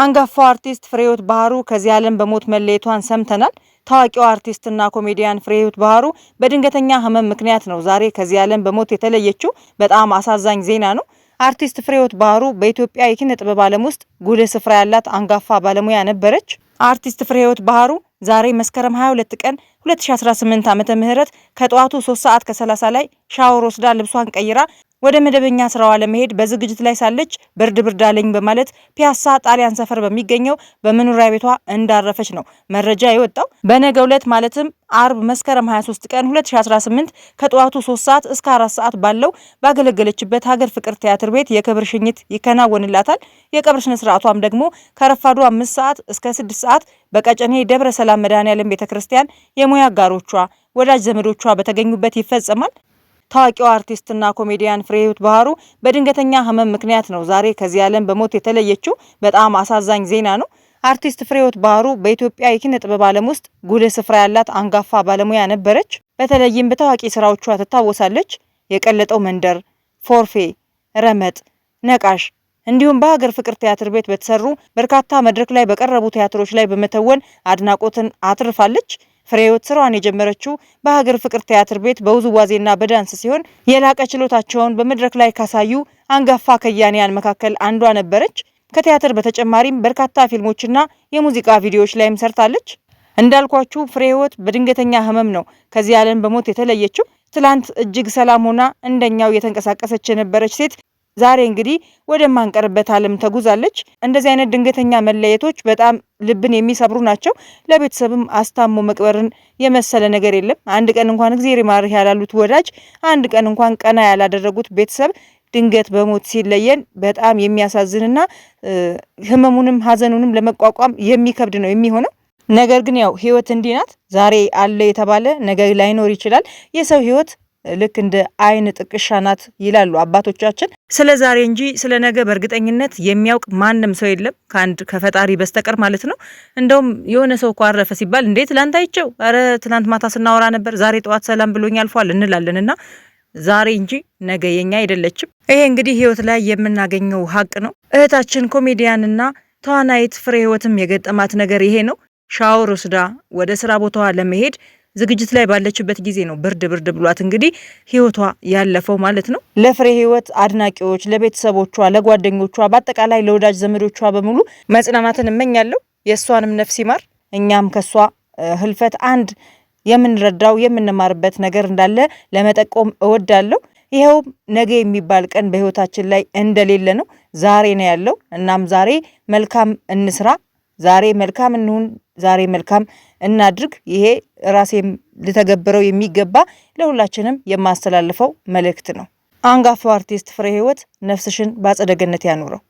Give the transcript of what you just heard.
አንጋፋው አርቲስት ፍሬህይወት ባህሩ ከዚህ ዓለም በሞት መለየቷን ሰምተናል። ታዋቂው አርቲስትና ኮሜዲያን ፍሬህይወት ባህሩ በድንገተኛ ህመም ምክንያት ነው ዛሬ ከዚህ ዓለም በሞት የተለየችው። በጣም አሳዛኝ ዜና ነው። አርቲስት ፍሬህይወት ባህሩ በኢትዮጵያ የኪነ ጥበብ ዓለም ውስጥ ጉልህ ስፍራ ያላት አንጋፋ ባለሙያ ነበረች። አርቲስት ፍሬህይወት ባህሩ ዛሬ መስከረም 22 ቀን 2018 ም ከጠዋቱ 3 ሰዓት ከ30 ላይ ሻወር ወስዳ ልብሷን ቀይራ ወደ መደበኛ ስራዋ ለመሄድ በዝግጅት ላይ ሳለች ብርድ ብርድ አለኝ በማለት ፒያሳ ጣሊያን ሰፈር በሚገኘው በመኖሪያ ቤቷ እንዳረፈች ነው መረጃ የወጣው። በነገ ዕለት ማለትም አርብ መስከረም 23 ቀን 2018 ከጠዋቱ 3 ሰዓት እስከ 4 ሰዓት ባለው ባገለገለችበት ሀገር ፍቅር ቲያትር ቤት የክብር ሽኝት ይከናወንላታል። የቀብር ስነ ስርዓቷም ደግሞ ከረፋዱ 5 ሰዓት እስከ 6 ሰዓት በቀጨኔ ደብረ ሰላም መድኃኔ ቤተክርስቲያን የሙያ አጋሮቿ ወዳጅ ዘመዶቿ በተገኙበት ይፈጸማል። ታዋቂው አርቲስትና ኮሜዲያን ፍሬህይወት ባህሩ በድንገተኛ ህመም ምክንያት ነው ዛሬ ከዚህ ዓለም በሞት የተለየችው። በጣም አሳዛኝ ዜና ነው። አርቲስት ፍሬህይወት ባህሩ በኢትዮጵያ የኪነ ጥበብ ዓለም ውስጥ ጉልህ ስፍራ ያላት አንጋፋ ባለሙያ ነበረች። በተለይም በታዋቂ ስራዎቿ ትታወሳለች። የቀለጠው መንደር፣ ፎርፌ፣ ረመጥ፣ ነቃሽ እንዲሁም በሀገር ፍቅር ቲያትር ቤት በተሰሩ በርካታ መድረክ ላይ በቀረቡ ቲያትሮች ላይ በመተወን አድናቆትን አትርፋለች። ፍሬህይወት ስራዋን የጀመረችው በሀገር ፍቅር ቲያትር ቤት በውዝዋዜና በዳንስ ሲሆን የላቀ ችሎታቸውን በመድረክ ላይ ካሳዩ አንጋፋ ከያንያን መካከል አንዷ ነበረች። ከቲያትር በተጨማሪም በርካታ ፊልሞችና የሙዚቃ ቪዲዮዎች ላይም ሰርታለች። እንዳልኳችሁ ፍሬህይወት በድንገተኛ ህመም ነው ከዚህ ዓለም በሞት የተለየችው። ትላንት እጅግ ሰላም ሆና እንደኛው የተንቀሳቀሰች የነበረች ሴት ዛሬ እንግዲህ ወደማንቀርበት ዓለም ተጉዛለች። እንደዚህ አይነት ድንገተኛ መለየቶች በጣም ልብን የሚሰብሩ ናቸው። ለቤተሰብም አስታሞ መቅበርን የመሰለ ነገር የለም። አንድ ቀን እንኳን እግዜር ይማርህ ያላሉት ወዳጅ፣ አንድ ቀን እንኳን ቀና ያላደረጉት ቤተሰብ ድንገት በሞት ሲለየን በጣም የሚያሳዝንና ህመሙንም ሀዘኑንም ለመቋቋም የሚከብድ ነው የሚሆነው። ነገር ግን ያው ህይወት እንዲህ ናት። ዛሬ አለ የተባለ ነገ ላይኖር ይችላል። የሰው ህይወት ልክ እንደ አይን ጥቅሻ ናት ይላሉ አባቶቻችን። ስለ ዛሬ እንጂ ስለ ነገ በእርግጠኝነት የሚያውቅ ማንም ሰው የለም ከአንድ ከፈጣሪ በስተቀር ማለት ነው። እንደውም የሆነ ሰው እኮ አረፈ ሲባል እንዴ ትላንት አይቸው ኧረ ትናንት ማታ ስናወራ ነበር፣ ዛሬ ጠዋት ሰላም ብሎኝ አልፏል እንላለን እና ዛሬ እንጂ ነገ የኛ አይደለችም። ይሄ እንግዲህ ህይወት ላይ የምናገኘው ሀቅ ነው። እህታችን ኮሜዲያንና ተዋናይት ፍሬ ህይወትም የገጠማት ነገር ይሄ ነው። ሻወር ወስዳ ወደ ስራ ቦታዋ ለመሄድ ዝግጅት ላይ ባለችበት ጊዜ ነው ብርድ ብርድ ብሏት እንግዲህ ህይወቷ ያለፈው ማለት ነው። ለፍሬ ህይወት አድናቂዎች፣ ለቤተሰቦቿ፣ ለጓደኞቿ፣ በአጠቃላይ ለወዳጅ ዘመዶቿ በሙሉ መጽናናትን እመኛለሁ። የእሷንም ነፍስ ይማር። እኛም ከእሷ ህልፈት አንድ የምንረዳው የምንማርበት ነገር እንዳለ ለመጠቆም እወዳለሁ። ይኸውም ነገ የሚባል ቀን በህይወታችን ላይ እንደሌለ ነው። ዛሬ ነው ያለው። እናም ዛሬ መልካም እንስራ፣ ዛሬ መልካም እንሁን ዛሬ መልካም እናድርግ። ይሄ ራሴ ልተገብረው የሚገባ ለሁላችንም የማስተላልፈው መልእክት ነው። አንጋፋው አርቲስት ፍሬ ህይወት ነፍስሽን በአጸደ ገነት ያኑረው።